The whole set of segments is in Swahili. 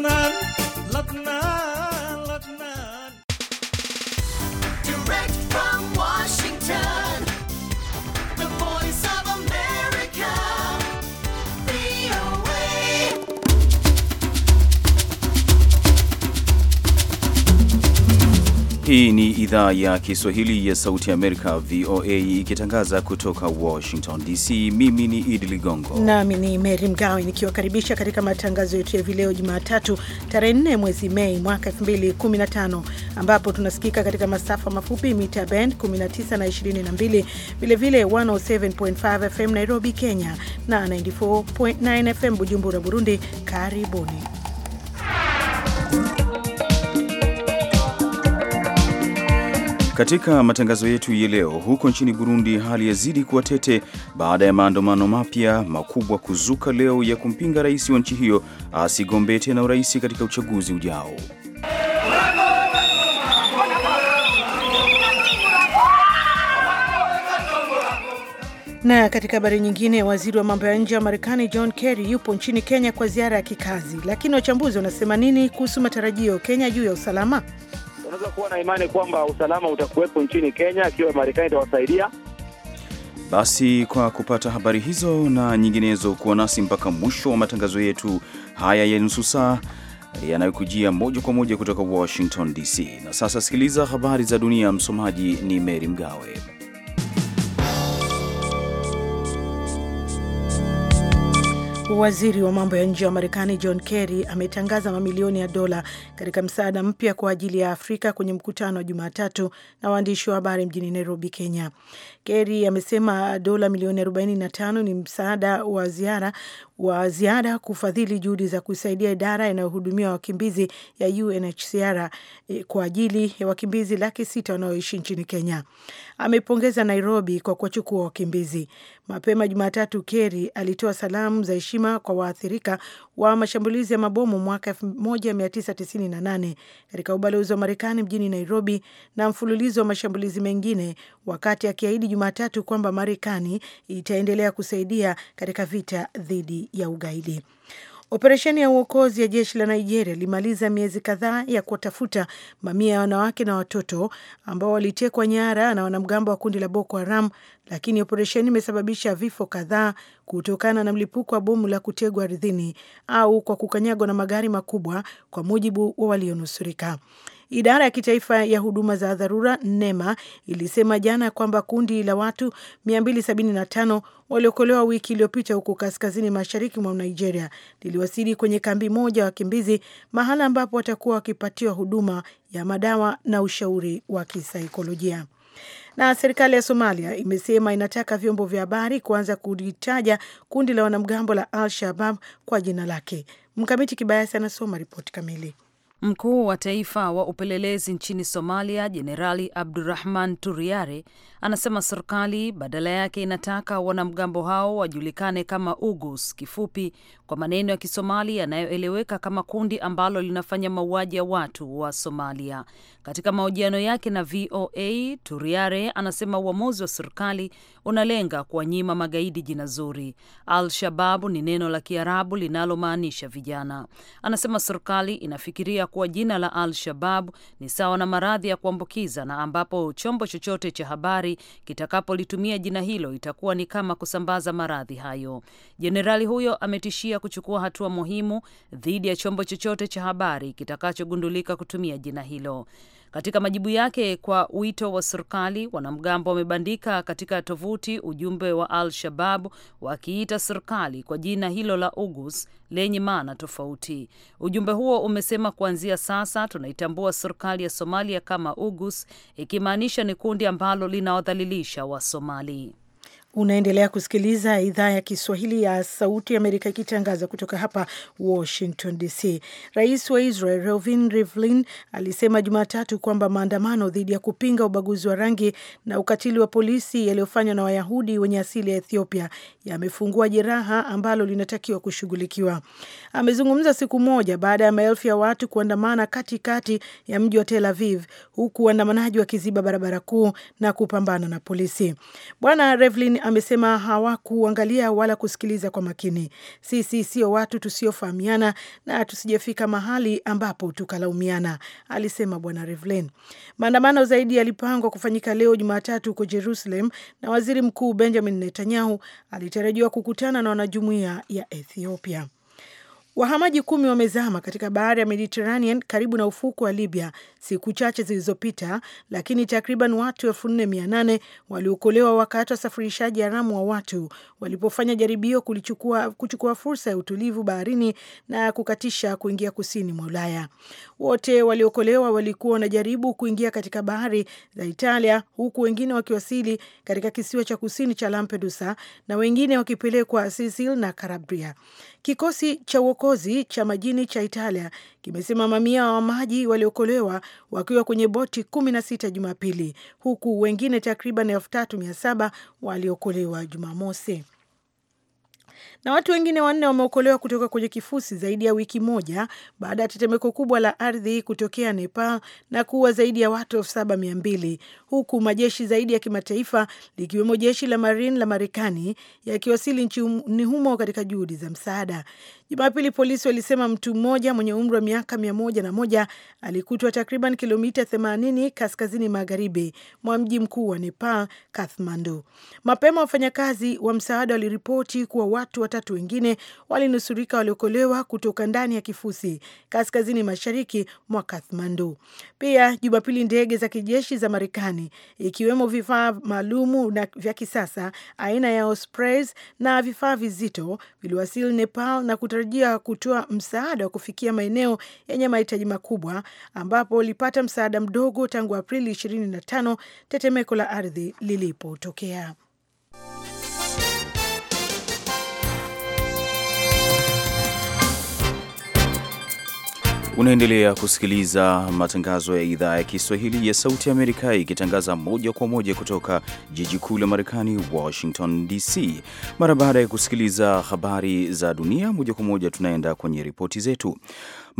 لبنان لبنان Hii ni idhaa ya Kiswahili ya Sauti ya Amerika, VOA, ikitangaza kutoka Washington DC. Mimi ni Idi Ligongo nami ni mery Mgawe nikiwakaribisha katika matangazo yetu ya vileo Jumatatu tarehe 4 mwezi Mei mwaka 2015 ambapo tunasikika katika masafa mafupi mita band 19 na 22, vilevile 107.5 FM Nairobi, Kenya na 94.9 FM Bujumbura, Burundi. Karibuni. Katika matangazo yetu ya leo, huko nchini Burundi hali yazidi kuwa tete baada ya maandamano mapya makubwa kuzuka leo ya kumpinga rais wa nchi hiyo asigombee tena urais katika uchaguzi ujao. Na katika habari nyingine, waziri wa mambo ya nje wa Marekani John Kerry yupo nchini Kenya kwa ziara ya kikazi, lakini wachambuzi wanasema nini kuhusu matarajio Kenya juu ya usalama? unaweza kuwa na imani kwamba usalama utakuwepo nchini Kenya akiwa Marekani itawasaidia. Basi kwa kupata habari hizo na nyinginezo, kuwa nasi mpaka mwisho wa matangazo yetu haya ya nusu saa yanayokujia moja kwa moja kutoka Washington DC. Na sasa sikiliza habari za dunia, msomaji ni Mary Mgawe. Waziri wa mambo ya nje wa Marekani John Kerry ametangaza mamilioni ya dola katika msaada mpya kwa ajili ya Afrika kwenye mkutano wa Jumatatu na waandishi wa habari mjini Nairobi, Kenya keri amesema dola milioni 45 ni msaada wa ziara wa ziada kufadhili juhudi za kusaidia idara inayohudumia wakimbizi ya UNHCR e, kwa ajili ya wakimbizi laki sita wanaoishi nchini Kenya. Amepongeza Nairobi kwa kuwachukua wakimbizi. Mapema Jumatatu, Keri alitoa salamu za heshima kwa waathirika wa mashambulizi ya mabomu mwaka 1998 katika ubalozi wa Marekani mjini Nairobi na mfululizo wa mashambulizi mengine wakati akiahidi Jumatatu kwamba Marekani itaendelea kusaidia katika vita dhidi ya ugaidi. Operesheni ya uokozi ya jeshi la Nigeria ilimaliza miezi kadhaa ya kuwatafuta mamia ya wanawake na watoto ambao walitekwa nyara na wanamgambo wa kundi la Boko Haram, lakini operesheni imesababisha vifo kadhaa kutokana na mlipuko wa bomu la kutegwa ardhini au kwa kukanyagwa na magari makubwa, kwa mujibu wa walionusurika. Idara ya kitaifa ya huduma za dharura NEMA ilisema jana kwamba kundi la watu 275 waliokolewa wiki iliyopita huko kaskazini mashariki mwa Nigeria liliwasili kwenye kambi moja ya wakimbizi, mahala ambapo watakuwa wakipatiwa huduma ya madawa na ushauri wa kisaikolojia. Na serikali ya Somalia imesema inataka vyombo vya habari kuanza kulitaja kundi la wanamgambo la Al Shabab kwa jina lake. Mkamiti Kibayasi anasoma ripoti kamili. Mkuu wa taifa wa upelelezi nchini Somalia, Jenerali Abdurahman Turiare, anasema serikali badala yake inataka wanamgambo hao wajulikane kama UGUS, kifupi kwa maneno ya Kisomali yanayoeleweka kama kundi ambalo linafanya mauaji ya watu wa Somalia. Katika mahojiano yake na VOA, Turiare anasema uamuzi wa serikali unalenga kuwanyima magaidi jina zuri. Al-Shababu ni neno la Kiarabu linalomaanisha vijana. Anasema serikali inafikiria kuwa jina la Al-Shabab ni sawa na maradhi ya kuambukiza na ambapo chombo chochote cha habari kitakapolitumia jina hilo itakuwa ni kama kusambaza maradhi hayo. Jenerali huyo ametishia kuchukua hatua muhimu dhidi ya chombo chochote cha habari kitakachogundulika kutumia jina hilo. Katika majibu yake kwa wito wa serikali, wanamgambo wamebandika katika tovuti ujumbe wa Al Shabab wakiita serikali kwa jina hilo la Ugus lenye maana tofauti. Ujumbe huo umesema kuanzia sasa tunaitambua serikali ya Somalia kama Ugus, ikimaanisha ni kundi ambalo linawadhalilisha Wasomali. Unaendelea kusikiliza idhaa ya Kiswahili ya Sauti Amerika ikitangaza kutoka hapa Washington DC. Rais wa Israel Reuven Rivlin alisema Jumatatu kwamba maandamano dhidi ya kupinga ubaguzi wa rangi na ukatili wa polisi yaliyofanywa na Wayahudi wenye asili ya Ethiopia yamefungua jeraha ambalo linatakiwa kushughulikiwa. Amezungumza siku moja baada ya maelfu ya watu kuandamana katikati ya mji wa Tel Aviv, huku waandamanaji wakiziba barabara kuu na kupambana na polisi. Bwana Rivlin amesema hawakuangalia wala kusikiliza kwa makini. Sisi sio watu tusiofahamiana na tusijafika mahali ambapo tukalaumiana, alisema Bwana Rivlin. Maandamano zaidi yalipangwa kufanyika leo Jumatatu huko Jerusalem, na waziri mkuu Benjamin Netanyahu alitarajiwa kukutana na wanajumuia ya Ethiopia. Wahamaji kumi wamezama katika bahari ya Mediterranean karibu na ufuku wa Libya siku chache zilizopita, lakini takriban watu elfu nne mia nane waliokolewa wakati wasafirishaji haramu wa watu walipofanya jaribio kulichukua, kuchukua fursa ya utulivu baharini na kukatisha kuingia kusini mwa Ulaya. Wote waliokolewa walikuwa wanajaribu kuingia katika bahari za Italia, huku wengine wakiwasili katika kisiwa cha kusini cha Lampedusa na wengine wakipelekwa Sicily na Calabria. Kikosi cha uokozi kiongozi cha majini cha Italia kimesema mamia wa maji waliokolewa wakiwa kwenye boti kumi na sita Jumapili, huku wengine takriban elfu tatu mia saba waliokolewa Jumamosi na watu wengine wanne wameokolewa kutoka kwenye kifusi zaidi ya wiki moja baada ya tetemeko kubwa la ardhi kutokea Nepal na kuua zaidi ya watu elfu saba mia mbili huku majeshi zaidi ya kimataifa likiwemo jeshi la Marine la Marekani yakiwasili nchini humo katika juhudi za msaada. Jumapili polisi walisema mtu mmoja mwenye umri wa miaka mia moja na moja alikutwa takriban kilomita 80 kaskazini magharibi mwa mji mkuu wa Nepal, Kathmandu. Mapema wafanyakazi wa msaada waliripoti kuwa watu watatu wengine walinusurika, waliokolewa kutoka ndani ya kifusi kaskazini mashariki mwa Kathmandu. Pia Jumapili, ndege za kijeshi za Marekani ikiwemo vifaa maalumu na vya kisasa aina ya Ospreys na vifaa vizito viliwasili Nepal na kuta inatarajia kutoa msaada wa kufikia maeneo yenye mahitaji makubwa ambapo lipata msaada mdogo tangu Aprili 25 tetemeko la ardhi lilipotokea. Unaendelea kusikiliza matangazo ya idhaa ya Kiswahili ya Sauti ya Amerika ikitangaza moja kwa moja kutoka jiji kuu la Marekani, Washington DC. Mara baada ya kusikiliza habari za dunia moja kwa moja, tunaenda kwenye ripoti zetu.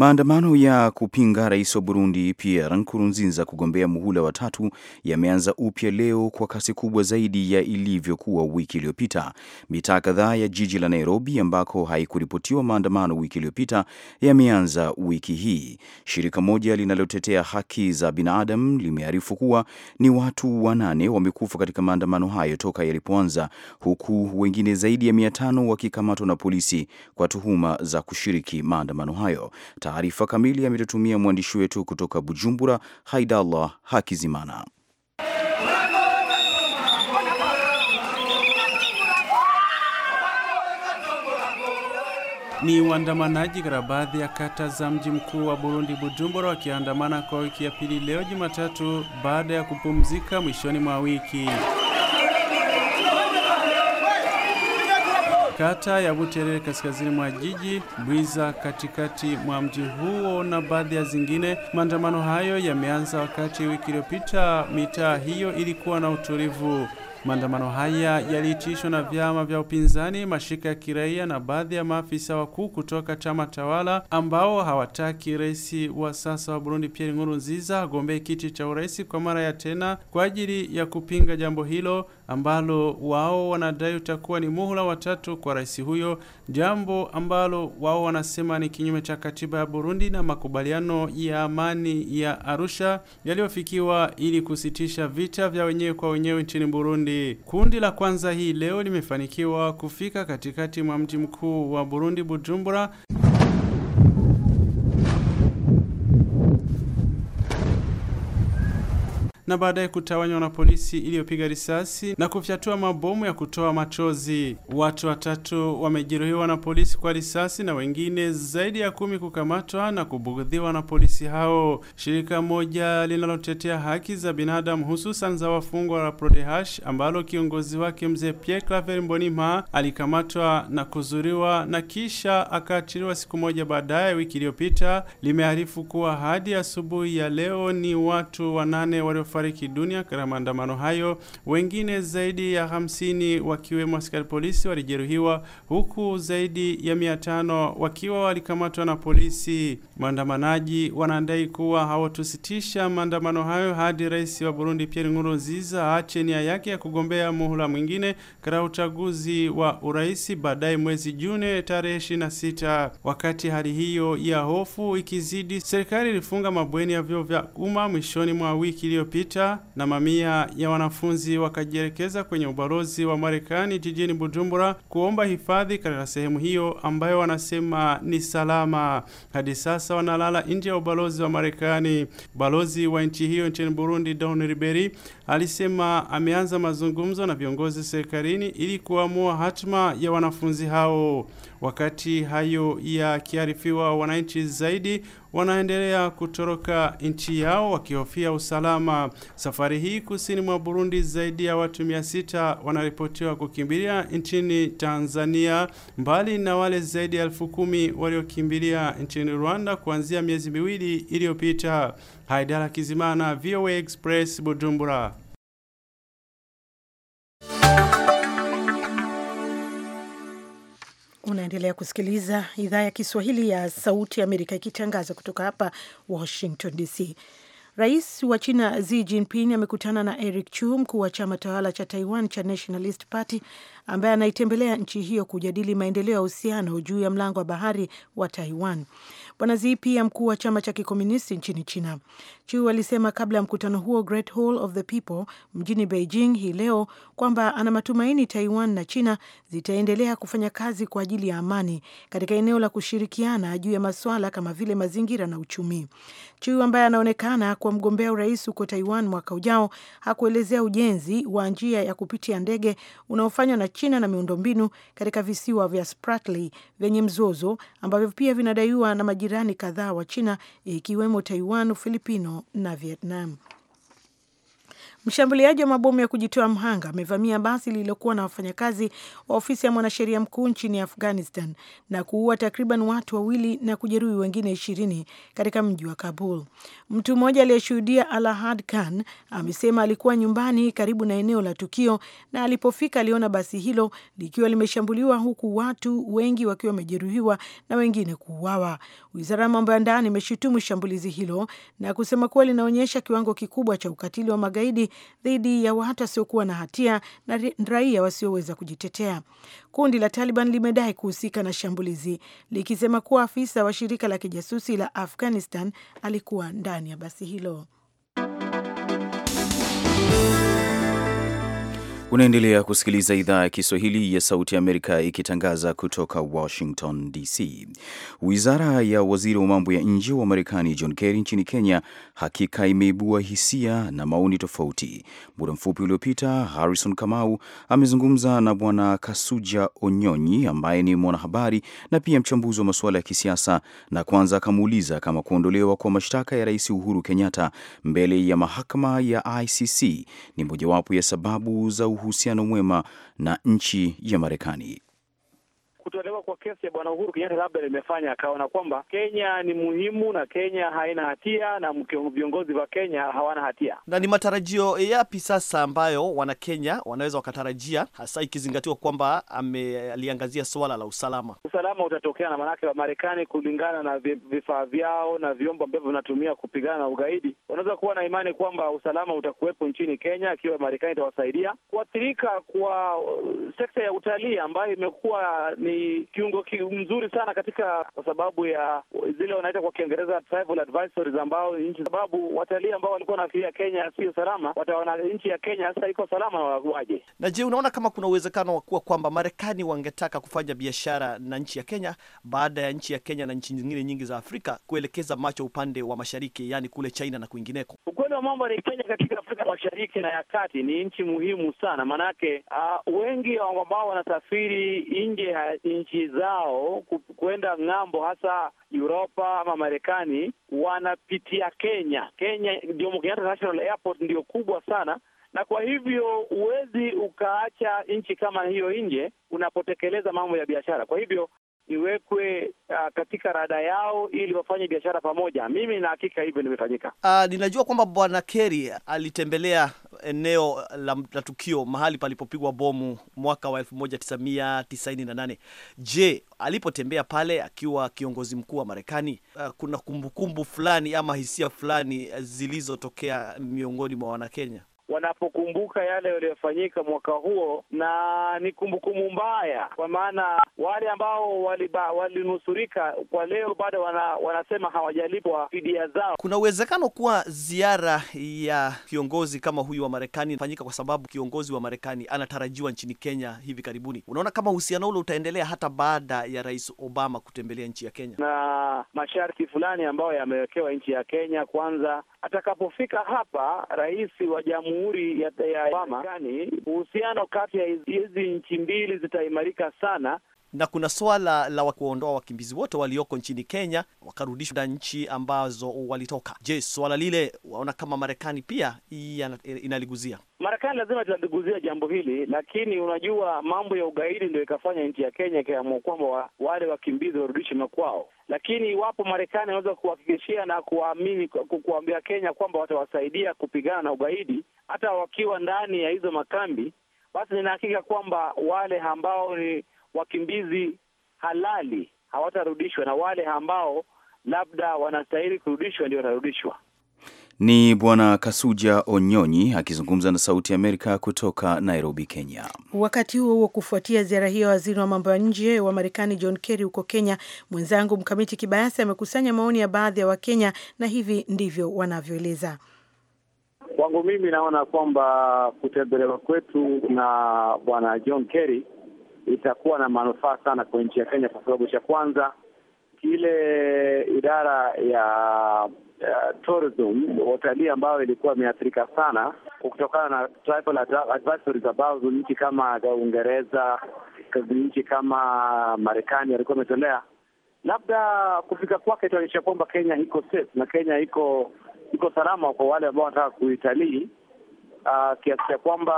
Maandamano ya kupinga rais wa Burundi Pierre Nkurunziza kugombea muhula wa tatu yameanza upya leo kwa kasi kubwa zaidi ya ilivyokuwa wiki iliyopita. Mitaa kadhaa ya jiji la Nairobi, ambako haikuripotiwa maandamano wiki iliyopita, yameanza wiki hii. Shirika moja linalotetea haki za binadamu limearifu kuwa ni watu wanane wamekufa katika maandamano hayo toka yalipoanza, huku wengine zaidi ya mia tano wakikamatwa na polisi kwa tuhuma za kushiriki maandamano hayo. Taarifa kamili ametutumia mwandishi wetu kutoka Bujumbura, Haidallah Hakizimana. Ni waandamanaji katika baadhi ya kata za mji mkuu wa Burundi, Bujumbura, wakiandamana kwa wiki ya pili leo Jumatatu, baada ya kupumzika mwishoni mwa wiki. kata ya Buterere kaskazini mwa jiji, Bwiza katikati mwa mji huo na baadhi ya zingine. Maandamano hayo yameanza wakati wiki iliyopita mitaa hiyo ilikuwa na utulivu. Maandamano haya yaliitishwa na vyama vya upinzani, mashirika ya kiraia na baadhi ya maafisa wakuu kutoka chama tawala ambao hawataki rais wa sasa wa Burundi Pierre Nkurunziza agombee kiti cha urais kwa mara ya tena kwa ajili ya kupinga jambo hilo ambalo wao wanadai utakuwa ni muhula watatu kwa rais huyo, jambo ambalo wao wanasema ni kinyume cha katiba ya Burundi na makubaliano ya amani ya Arusha yaliyofikiwa ili kusitisha vita vya wenyewe kwa wenyewe nchini Burundi. Kundi la kwanza hii leo limefanikiwa kufika katikati mwa mji mkuu wa Burundi, Bujumbura. na baadaye kutawanywa na polisi iliyopiga risasi na kufyatua mabomu ya kutoa machozi. Watu watatu wamejeruhiwa na polisi kwa risasi na wengine zaidi ya kumi kukamatwa na kubugudhiwa na polisi hao. Shirika moja linalotetea haki za binadamu hususan za wafungwa la Prodehash ambalo kiongozi wake mzee Pierre Claver Mbonima alikamatwa na kuzuriwa na kisha akaachiliwa siku moja baadaye wiki iliyopita, limearifu kuwa hadi asubuhi ya leo ni watu wanane waliofa kufariki dunia katika maandamano hayo, wengine zaidi ya hamsini wakiwemo askari polisi walijeruhiwa, huku zaidi ya mia tano wakiwa walikamatwa na polisi. Maandamanaji wanadai kuwa hawatusitisha maandamano hayo hadi rais wa Burundi Pierre Nkurunziza aache nia yake ya kugombea muhula mwingine katika uchaguzi wa urais baadaye mwezi Juni tarehe 26. Wakati hali hiyo ya hofu ikizidi, serikali ilifunga mabweni ya vyuo vya umma mwishoni mwa wiki iliyopita sita na mamia ya wanafunzi wakajielekeza kwenye ubalozi wa Marekani jijini Bujumbura kuomba hifadhi katika sehemu hiyo ambayo wanasema ni salama. Hadi sasa wanalala nje ya ubalozi wa Marekani. Balozi wa nchi hiyo nchini Burundi, Don Riberi, alisema ameanza mazungumzo na viongozi serikalini ili kuamua hatima ya wanafunzi hao. Wakati hayo yakiarifiwa, wananchi zaidi wanaendelea kutoroka nchi yao wakihofia usalama. Safari hii kusini mwa Burundi, zaidi ya watu mia sita wanaripotiwa kukimbilia nchini Tanzania, mbali na wale zaidi ya elfu kumi waliokimbilia nchini Rwanda kuanzia miezi miwili iliyopita. Haidara Kizimana, VOA Express, Bujumbura. Unaendelea kusikiliza idhaa ya Kiswahili ya Sauti ya Amerika ikitangaza kutoka hapa Washington DC. Rais wa China Xi Jinping amekutana na Eric Chu, mkuu wa chama tawala cha Taiwan cha Nationalist Party, ambaye anaitembelea nchi hiyo kujadili maendeleo ya uhusiano juu ya mlango wa bahari wa Taiwan. Bwana Xi pia mkuu wa chama cha kikomunisti nchini China. Chu alisema kabla ya mkutano huo Great Hall of the People mjini Beijing hii leo kwamba ana matumaini Taiwan na China zitaendelea kufanya kazi kwa ajili ya amani katika eneo la kushirikiana juu ya maswala kama vile mazingira na uchumi. Chu ambaye anaonekana kuwa mgombea urais huko Taiwan mwaka ujao hakuelezea ujenzi wa njia ya kupitia ndege unaofanywa na China na miundombinu katika visiwa vya Spratly vyenye mzozo ambavyo pia vinadaiwa na majirani jirani kadhaa wa China ikiwemo Taiwan, Ufilipino na Vietnam. Mshambuliaji wa mabomu ya kujitoa mhanga amevamia basi lililokuwa na wafanyakazi wa ofisi ya mwanasheria mkuu nchini Afghanistan na kuua takriban watu wawili na kujeruhi wengine ishirini katika mji wa Kabul. Mtu mmoja aliyeshuhudia, Alahad Khan, amesema alikuwa nyumbani karibu na eneo la tukio na alipofika aliona basi hilo likiwa limeshambuliwa huku watu wengi wakiwa wamejeruhiwa na wengine kuuawa. Wizara ya mambo ya ndani imeshutumu shambulizi hilo na kusema kuwa linaonyesha kiwango kikubwa cha ukatili wa magaidi dhidi ya watu wasiokuwa na hatia na raia wasioweza kujitetea. Kundi la Taliban limedai kuhusika na shambulizi likisema kuwa afisa wa shirika la kijasusi la Afghanistan alikuwa ndani ya basi hilo. Unaendelea kusikiliza idhaa ya Kiswahili ya Sauti ya Amerika ikitangaza kutoka Washington DC. Wizara ya waziri wa mambo ya nje wa Marekani John Kerry nchini Kenya hakika imeibua hisia na maoni tofauti. Muda mfupi uliopita, Harrison Kamau amezungumza na Bwana Kasuja Onyonyi ambaye ni mwanahabari na pia mchambuzi wa masuala ya kisiasa, na kwanza akamuuliza kama kuondolewa kwa mashtaka ya Rais Uhuru Kenyatta mbele ya mahakama ya ICC ni mojawapo ya sababu za uhusiano mwema na nchi ya Marekani kutolewa kwa kesi ya bwana Uhuru Kenyatta labda limefanya akaona kwamba Kenya ni muhimu na Kenya haina hatia na viongozi wa Kenya hawana hatia. Na ni matarajio yapi sasa ambayo Wanakenya wanaweza wakatarajia, hasa ikizingatiwa kwamba ameliangazia suala la usalama? Usalama utatokea na maanake wa Marekani, kulingana na vifaa vyao na vyombo ambavyo vinatumia kupigana na ugaidi, wanaweza kuwa na imani kwamba usalama utakuwepo nchini Kenya akiwa Marekani itawasaidia. Kuathirika kwa uh, sekta ya utalii ambayo imekuwa ni kiungo mzuri sana katika, kwa sababu ya zile wanaita kwa Kiingereza travel advisories, ambao nchi sababu watalii ambao walikuwa wanafikiria Kenya sio salama, wataona nchi ya Kenya sasa iko salama, waje na. Je, unaona kama kuna uwezekano wa kuwa kwamba Marekani wangetaka kufanya biashara na nchi ya Kenya baada ya nchi ya Kenya na nchi nyingine nyingi za Afrika kuelekeza macho upande wa mashariki, yaani kule China na kwingineko? Ukweli wa mambo ni Kenya katika Afrika Mashariki na ya Kati ni nchi muhimu sana, maanake uh, wengi ambao wanasafiri nje nchi zao kwenda ng'ambo, hasa Uropa ama Marekani, wanapitia Kenya. Kenya ndio Kenyatta Airport ndio kubwa sana, na kwa hivyo huwezi ukaacha nchi kama hiyo nje unapotekeleza mambo ya biashara. Kwa hivyo iwekwe uh, katika rada yao ili wafanye biashara pamoja. Mimi na hakika hivyo limefanyika. Uh, ah, ninajua kwamba Bwana Kerry alitembelea eneo la, la tukio mahali palipopigwa bomu mwaka wa 1998. Je, alipotembea pale akiwa kiongozi mkuu wa Marekani, uh, kuna kumbukumbu fulani ama hisia fulani zilizotokea miongoni mwa Wanakenya? wanapokumbuka yale yaliyofanyika mwaka huo, na ni kumbukumbu mbaya, kwa maana wale ambao walinusurika wali kwa leo bado wana, wanasema hawajalipwa fidia zao. Kuna uwezekano kuwa ziara ya kiongozi kama huyu wa Marekani fanyika kwa sababu kiongozi wa Marekani anatarajiwa nchini Kenya hivi karibuni. Unaona kama uhusiano ule utaendelea hata baada ya Rais Obama kutembelea nchi ya Kenya na masharti fulani ambayo yamewekewa nchi ya Kenya. Kwanza atakapofika hapa, rais wa jamhuri Jamhuri ya Marekani, uhusiano kati ya hizi nchi mbili zitaimarika sana na kuna swala la kuondoa wakimbizi wote walioko nchini Kenya wakarudishwa nchi ambazo walitoka. Je, swala lile waona kama Marekani pia inaliguzia? Marekani lazima italiguzia jambo hili, lakini unajua mambo ya ugaidi ndio ikafanya nchi ya Kenya ikaamua kwamba wa, wale wakimbizi warudishwe makwao. Lakini iwapo Marekani anaweza kuhakikishia na kuwaamini, kuambia Kenya kwamba watawasaidia kupigana na ugaidi hata wakiwa ndani ya hizo makambi, basi ninahakika kwamba wale ambao ni wakimbizi halali hawatarudishwa na wale ambao labda wanastahili kurudishwa ndio watarudishwa. Ni Bwana Kasuja Onyonyi akizungumza na Sauti ya Amerika kutoka Nairobi, Kenya. Wakati huo huo, kufuatia ziara hiyo ya waziri wa mambo ya nje wa Marekani John Kerry huko Kenya, mwenzangu Mkamiti Kibayasi amekusanya maoni ya baadhi ya Wakenya na hivi ndivyo wanavyoeleza. Kwangu mimi naona kwamba kutembelewa kwetu na Bwana John Kerry itakuwa na manufaa sana kwa nchi ya Kenya, kwa sababu cha kwanza kile idara ya uh, tourism watalii ambayo ilikuwa imeathirika sana kutokana na travel advisories ambazo nchi kama Uingereza, nchi kama Marekani walikuwa wametolea, labda kufika kwake itaonyesha kwamba Kenya iko safe na Kenya iko iko salama kwa wale ambao wanataka kuitalii, uh, kiasi cha kwamba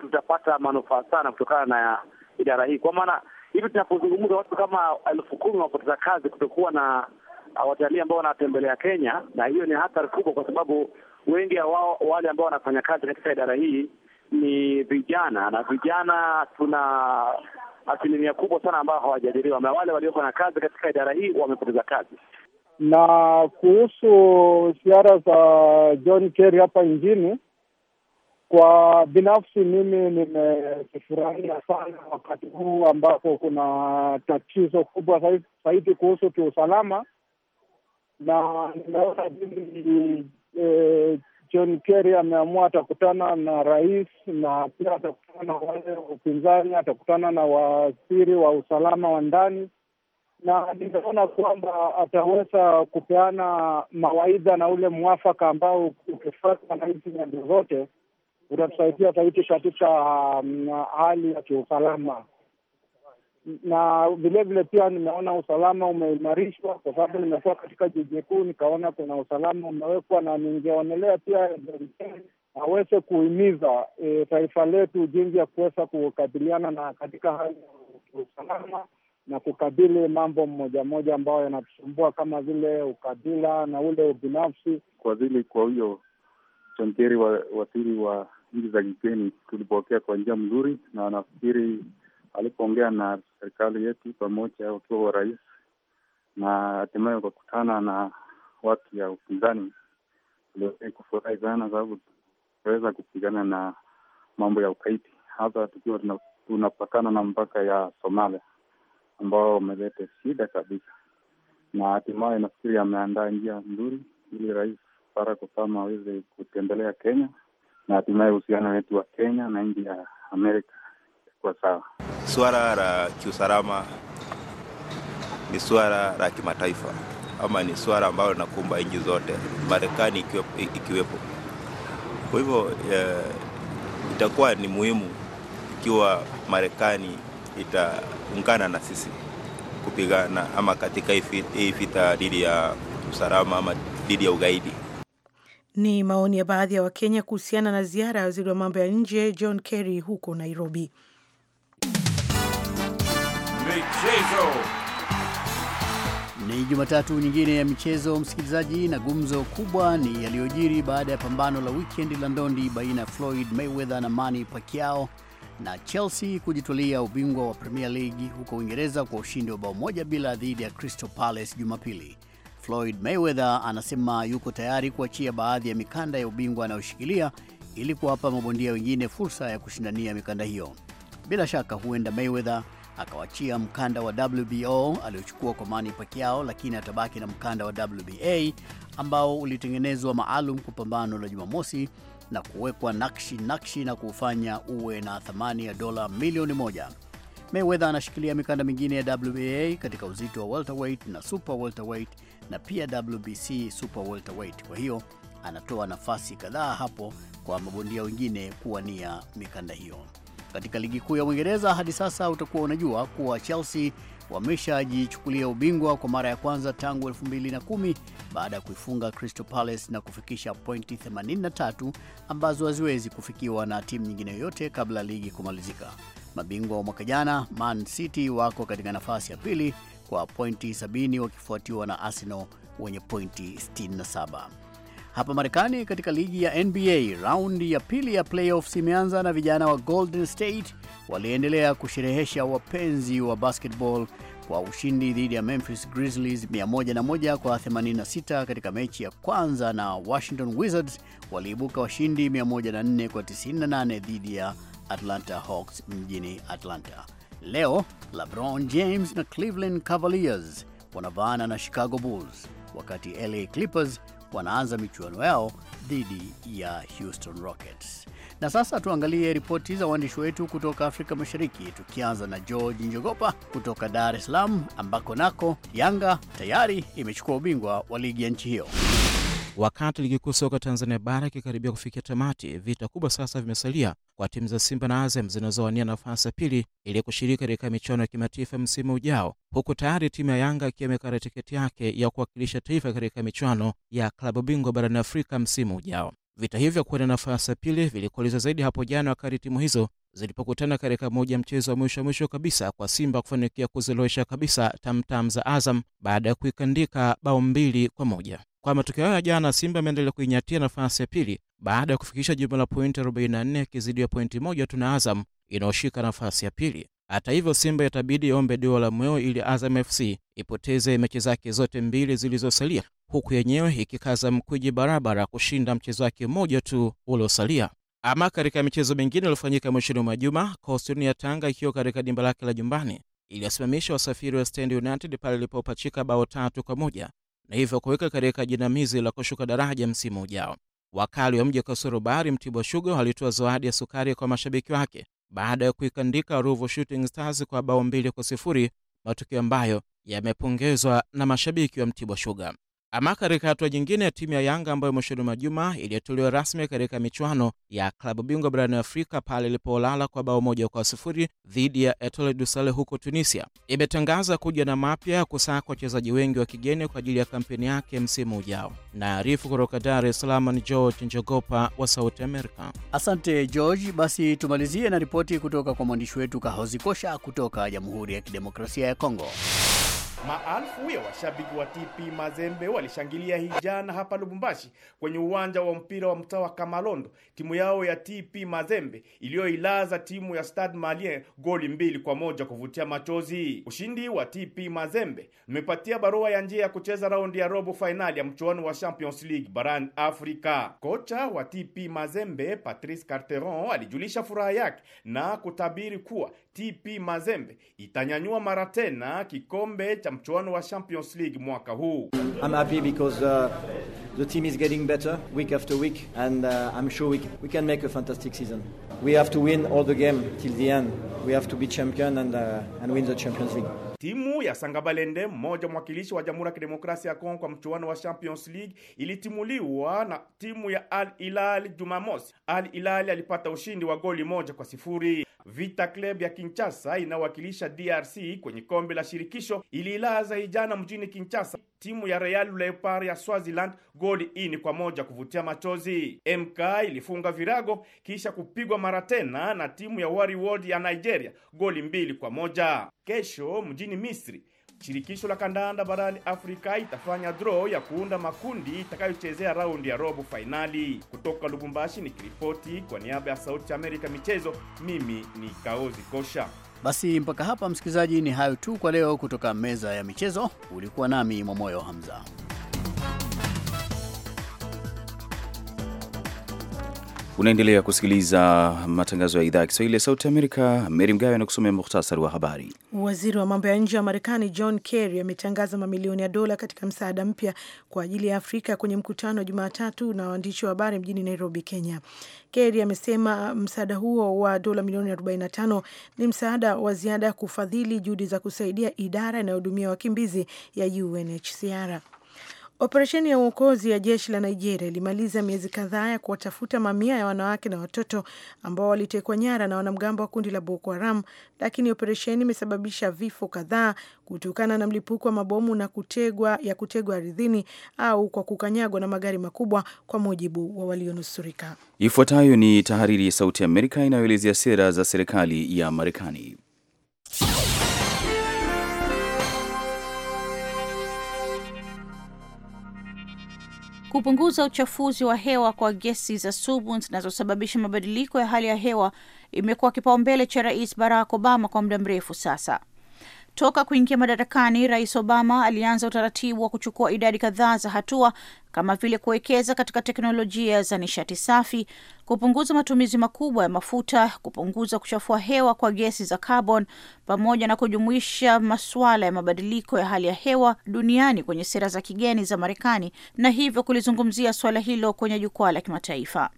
tutapata manufaa sana kutokana na idara hii, kwa maana hivi tunapozungumza watu kama elfu kumi wapoteza kazi kutokuwa na ah, watalii ambao wanatembelea Kenya, na hiyo ni hatari kubwa, kwa sababu wengi wao wale ambao wanafanya kazi katika idara hii ni vijana, na vijana tuna asilimia kubwa sana ambao hawajaajiriwa, na wale walioko na kazi katika idara hii wamepoteza kazi. Na kuhusu ziara za John Kerry hapa nchini kwa binafsi mimi nimefurahia sana wakati huu ambapo kuna tatizo kubwa zaidi kuhusu kiusalama, na nimeona jinsi e, John Kerry ameamua atakutana na rais na pia atakutana na wale wa upinzani, atakutana na waziri wa usalama wa ndani, na nimeona kwamba ataweza kupeana mawaidha na ule mwafaka ambao ukifata na hizi nyanja zote utatusaidia zaidi katika um, hali ya kiusalama na vilevile vile pia nimeona usalama umeimarishwa kwa sababu nimekuwa katika jiji kuu, nikaona kuna usalama umewekwa, na ningeonelea pia aweze kuhimiza e, taifa letu jinsi ya kuweza kukabiliana na katika hali ya usalama na kukabili mambo mmoja mmoja ambayo yanatusumbua kama vile ukabila na ule ubinafsi kwa zili kwa huyo waziri wa, nchi za kigeni tulipokea kwa njia mzuri, na nafikiri alipoongea na serikali yetu pamoja wakiwa rais na hatimaye wakakutana na watu ya upinzani, tuliwahi kufurahi sana, sababu tunaweza kupigana na mambo ya ukaidi, hasa tukiwa tunapakana na mpaka ya Somalia ambao wameleta shida kabisa, na hatimaye nafikiri ameandaa njia nzuri ili rais Barack Obama aweze kutembelea Kenya na hatimaye uhusiano wetu wa Kenya na nchi ya Amerika itakuwa sawa. Suala la kiusalama ni suala la kimataifa ama ni suala ambalo linakumba nchi zote, Marekani ikiwepo. Kwa hivyo eh, itakuwa ni muhimu ikiwa Marekani itaungana na sisi kupigana ama katika hii vita dhidi ya usalama ama dhidi ya ugaidi. Ni maoni ya baadhi ya Wakenya kuhusiana na ziara ya waziri wa mambo ya nje John Kerry huko Nairobi. Michezo. Ni Jumatatu nyingine ya michezo, msikilizaji, na gumzo kubwa ni yaliyojiri baada ya pambano la wikendi la ndondi baina ya Floyd Mayweather na Manny Pacquiao na Chelsea kujitolia ubingwa wa Premier League huko Uingereza kwa ushindi wa bao moja bila dhidi ya Crystal Palace Jumapili. Floyd Mayweather anasema yuko tayari kuachia baadhi ya mikanda ya ubingwa anayoshikilia ili kuwapa mabondia wengine fursa ya kushindania mikanda hiyo. Bila shaka, huenda Mayweather akawachia mkanda wa WBO aliochukua kwa Manny Pacquiao, lakini atabaki na mkanda wa WBA ambao ulitengenezwa maalum kwa pambano la Jumamosi na kuwekwa nakshi nakshi na kuufanya uwe na thamani ya dola milioni moja. Mayweather anashikilia mikanda mingine ya WBA katika uzito wa welterweight na super welterweight na pia WBC super welterweight. Kwa hiyo anatoa nafasi kadhaa hapo kwa mabondia wengine kuwania mikanda hiyo. Katika ligi kuu ya Uingereza hadi sasa utakuwa unajua kuwa Chelsea wameshajichukulia ubingwa kwa mara ya kwanza tangu 2010 baada ya kuifunga Crystal Palace na kufikisha pointi 83 ambazo haziwezi kufikiwa na timu nyingine yoyote kabla ligi kumalizika. Mabingwa wa mwaka jana Man City wako katika nafasi ya pili kwa pointi 70 wakifuatiwa na Arsenal wenye pointi 67. Hapa Marekani, katika ligi ya NBA raundi ya pili ya playoffs imeanza na vijana wa Golden State waliendelea kusherehesha wapenzi wa basketball kwa ushindi dhidi ya Memphis Grizzlies 101 kwa 86 katika mechi ya kwanza, na Washington Wizards waliibuka washindi 104 kwa 98 dhidi ya Atlanta Hawks mjini Atlanta. Leo LeBron James na Cleveland Cavaliers wanavaana na Chicago Bulls, wakati LA Clippers wanaanza michuano yao dhidi ya Houston Rockets. Na sasa tuangalie ripoti za waandishi wetu kutoka Afrika Mashariki, tukianza na George Njogopa kutoka Dar es Salaam, ambako nako Yanga tayari imechukua ubingwa wa ligi ya nchi hiyo. Wakati ligi kuu soka Tanzania bara ikikaribia kufikia tamati, vita kubwa sasa vimesalia kwa timu za Simba na Azam zinazowania nafasi ya pili ili kushiriki katika michuano ya kimataifa msimu ujao, huku tayari timu ya Yanga ikiwa imekata tiketi yake ya kuwakilisha taifa katika michuano ya klabu bingwa barani Afrika msimu ujao. Vita hivyo kuwania nafasi ya pili vilikuliza zaidi hapo jana wakati timu hizo zilipokutana katika moja mchezo wa mwisho mwisho kabisa kwa Simba kufanikia kuzilowesha kabisa tamtam za Azam baada ya kuikandika bao mbili kwa moja. Kwa matokeo hayo ya jana, Simba ameendelea kuinyatia nafasi ya pili baada ya kufikisha jumla la pointi 44 akizidiwa pointi moja tu na Azam inayoshika nafasi ya pili. Hata hivyo, Simba itabidi iombe dua la mweo ili Azam FC ipoteze mechi zake zote mbili zilizosalia, huku yenyewe ikikaza mkwiji barabara kushinda mchezo wake mmoja tu uliosalia. Ama katika michezo mingine iliyofanyika mwishoni mwa juma, Coastal ya Tanga ikiwa katika dimba lake la nyumbani iliwasimamisha wasafiri wa Stand United pale ilipopachika bao tatu kwa moja na hivyo kuweka katika jinamizi la kushuka daraja msimu ujao. Wakali wa mji wa Kasurubari, Mtibwa Sugar, walitoa zawadi ya sukari kwa mashabiki wake baada ya kuikandika Ruvu Shooting Stars kwa bao mbili kwa sifuri, matukio ambayo yamepongezwa na mashabiki wa Mtibwa Sugar. Ama katika hatua nyingine ya timu ya Yanga ambayo mwishoni mwa juma iliyotolewa rasmi katika michuano ya klabu bingwa barani Afrika pale ilipolala kwa bao moja kwa sufuri dhidi ya Etoile du Sahel huko Tunisia, imetangaza kuja na mapya ya kusaka wachezaji wengi wa kigeni kwa ajili ya kampeni yake msimu ujao. Naarifu kutoka Dar es Salaam ni George Njogopa wa Sauti Amerika. Asante George. Basi tumalizie na ripoti kutoka kwa mwandishi wetu Kahozi Kosha kutoka Jamhuri ya Kidemokrasia ya Kongo. Maalfu ya washabiki wa TP Mazembe walishangilia hijana hapa Lubumbashi kwenye uwanja wa mpira wa mtaa wa Kamalondo, timu yao ya TP Mazembe iliyoilaza timu ya Stade Malien goli mbili kwa moja kuvutia machozi. Ushindi wa TP Mazembe umepatia barua ya njia ya kucheza raundi ya robo fainali ya mchuano wa Champions League barani Afrika. Kocha wa TP Mazembe Patrice Carteron alijulisha furaha yake na kutabiri kuwa TP Mazembe itanyanyua mara tena kikombe cha mchuano wa Champions League mwaka huu. I'm happy because uh, the team is getting better week after week and uh, I'm sure we, we can make a fantastic season. We have to win all the game till the end. We have to be champion and, uh, and win the Champions League. Timu ya Sangabalende, mmoja mwakilishi wa Jamhuri ya Kidemokrasia ya Kongo kwa mchuano wa Champions League, ilitimuliwa na timu ya Al Hilal Jumamosi. Al Hilal alipata ushindi wa goli moja kwa sifuri. Vita Club ya Kinshasa inawakilisha DRC kwenye kombe la shirikisho iliilaza hijana mjini Kinshasa timu ya Real Leopard ya Swaziland goli ini kwa moja kuvutia machozi. MK ilifunga virago kisha kupigwa mara tena na timu ya Wari ya Nigeria goli mbili kwa moja. Kesho mjini Misri Shirikisho la kandanda barani Afrika itafanya draw ya kuunda makundi itakayochezea raundi ya robo fainali. Kutoka Lubumbashi ni kiripoti kwa niaba ya Sauti ya Amerika michezo, mimi ni Kaozi Kosha. Basi mpaka hapa msikilizaji, ni hayo tu kwa leo kutoka meza ya michezo. Ulikuwa nami Mwamoyo Hamza. Unaendelea kusikiliza matangazo ya idhaa ya Kiswahili ya Sauti Amerika. Meri Mgawe anakusomea muhtasari wa habari. Waziri wa mambo ya nje wa Marekani John Kerry ametangaza mamilioni ya dola katika msaada mpya kwa ajili ya Afrika kwenye mkutano wa Jumatatu na waandishi wa habari mjini Nairobi, Kenya. Kerry amesema msaada huo wa dola milioni 45 ni msaada wa ziada ya kufadhili juhudi za kusaidia idara inayohudumia wakimbizi ya UNHCR. Operesheni ya uokozi ya jeshi la Nigeria ilimaliza miezi kadhaa ya kuwatafuta mamia ya wanawake na watoto ambao walitekwa nyara na wanamgambo wa kundi la Boko Haram, lakini operesheni imesababisha vifo kadhaa kutokana na mlipuko wa mabomu na kutegwa ya kutegwa ardhini au kwa kukanyagwa na magari makubwa, kwa mujibu wa walionusurika. Ifuatayo ni tahariri ya Sauti Amerika inayoelezea sera za serikali ya Marekani. Kupunguza uchafuzi wa hewa kwa gesi za sumu zinazosababisha mabadiliko ya hali ya hewa imekuwa kipaumbele cha Rais Barack Obama kwa muda mrefu sasa. Toka kuingia madarakani, Rais Obama alianza utaratibu wa kuchukua idadi kadhaa za hatua kama vile kuwekeza katika teknolojia za nishati safi, kupunguza matumizi makubwa ya mafuta, kupunguza kuchafua hewa kwa gesi za carbon, pamoja na kujumuisha masuala ya mabadiliko ya hali ya hewa duniani kwenye sera za kigeni za Marekani, na hivyo kulizungumzia suala hilo kwenye jukwaa la kimataifa.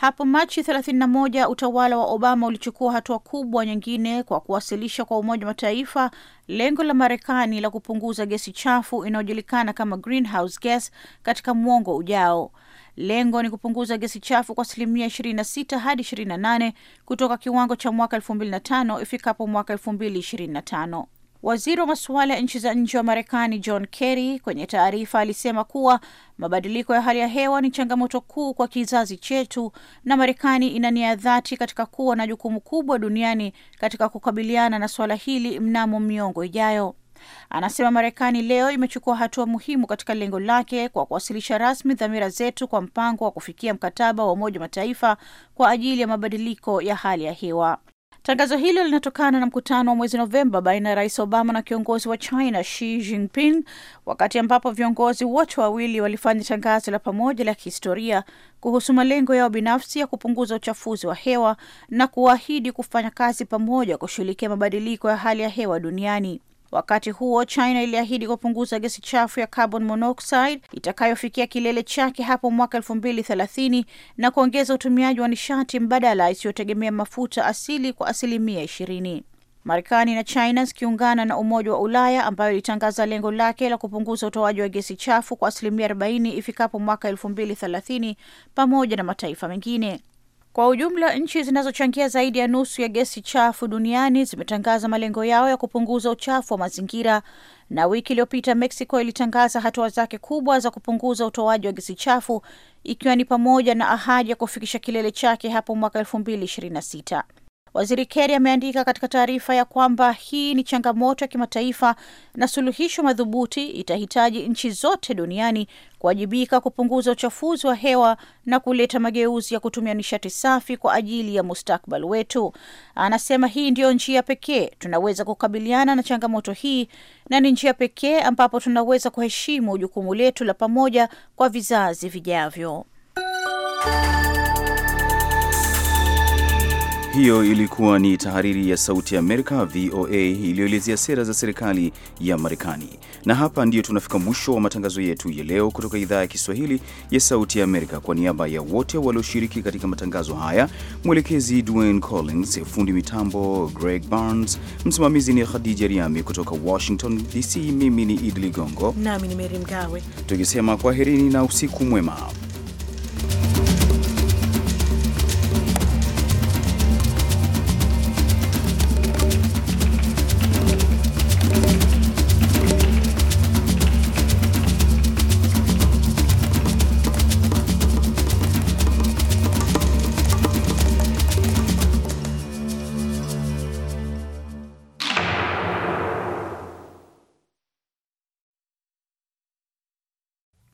Hapo Machi 31 utawala wa Obama ulichukua hatua kubwa nyingine kwa kuwasilisha kwa Umoja wa Mataifa lengo la Marekani la kupunguza gesi chafu inayojulikana kama greenhouse gas katika mwongo ujao. Lengo ni kupunguza gesi chafu kwa asilimia 26 hadi 28 kutoka kiwango cha mwaka 2005 ifikapo mwaka 2025. Waziri wa masuala ya nchi za nje wa Marekani John Kerry kwenye taarifa alisema kuwa mabadiliko ya hali ya hewa ni changamoto kuu kwa kizazi chetu, na Marekani ina nia dhati katika kuwa na jukumu kubwa duniani katika kukabiliana na suala hili mnamo miongo ijayo. Anasema Marekani leo imechukua hatua muhimu katika lengo lake kwa kuwasilisha rasmi dhamira zetu kwa mpango wa kufikia mkataba wa Umoja wa Mataifa kwa ajili ya mabadiliko ya hali ya hewa. Tangazo hilo linatokana na mkutano wa mwezi Novemba baina ya Rais Obama na kiongozi wa China Xi Jinping, wakati ambapo viongozi wote wawili walifanya tangazo la pamoja la kihistoria kuhusu malengo yao binafsi ya kupunguza uchafuzi wa hewa na kuahidi kufanya kazi pamoja kushughulikia mabadiliko ya hali ya hewa duniani. Wakati huo China iliahidi kupunguza gesi chafu ya carbon monoxide itakayofikia kilele chake hapo mwaka elfu mbili thelathini na kuongeza utumiaji wa nishati mbadala isiyotegemea mafuta asili kwa asilimia ishirini. Marekani na China zikiungana na Umoja wa Ulaya ambayo ilitangaza lengo lake la kupunguza utoaji wa gesi chafu kwa asilimia 40 ifikapo mwaka elfu mbili thelathini pamoja na mataifa mengine. Kwa ujumla, nchi zinazochangia zaidi ya nusu ya gesi chafu duniani zimetangaza malengo yao ya kupunguza uchafu wa mazingira, na wiki iliyopita Mexico ilitangaza hatua zake kubwa za kupunguza utoaji wa gesi chafu, ikiwa ni pamoja na ahadi ya kufikisha kilele chake hapo mwaka 226 Waziri Kerry ameandika katika taarifa ya kwamba hii ni changamoto ya kimataifa na suluhisho madhubuti itahitaji nchi zote duniani kuwajibika kupunguza uchafuzi wa hewa na kuleta mageuzi ya kutumia nishati safi kwa ajili ya mustakbal wetu. Anasema hii ndiyo njia pekee tunaweza kukabiliana na changamoto hii na ni njia pekee ambapo tunaweza kuheshimu jukumu letu la pamoja kwa vizazi vijavyo hiyo ilikuwa ni tahariri ya Sauti ya Amerika, VOA, iliyoelezea sera za serikali ya Marekani. Na hapa ndiyo tunafika mwisho wa matangazo yetu ya leo kutoka idhaa ya Kiswahili ya Sauti ya Amerika. Kwa niaba ya wote walioshiriki katika matangazo haya, mwelekezi Dwayne Collins, fundi mitambo Greg Barnes, msimamizi ni Khadija Riami. Kutoka Washington DC, mimi ni Idi Ligongo nami ni Meri Mgawe, tukisema kwaherini na usiku mwema.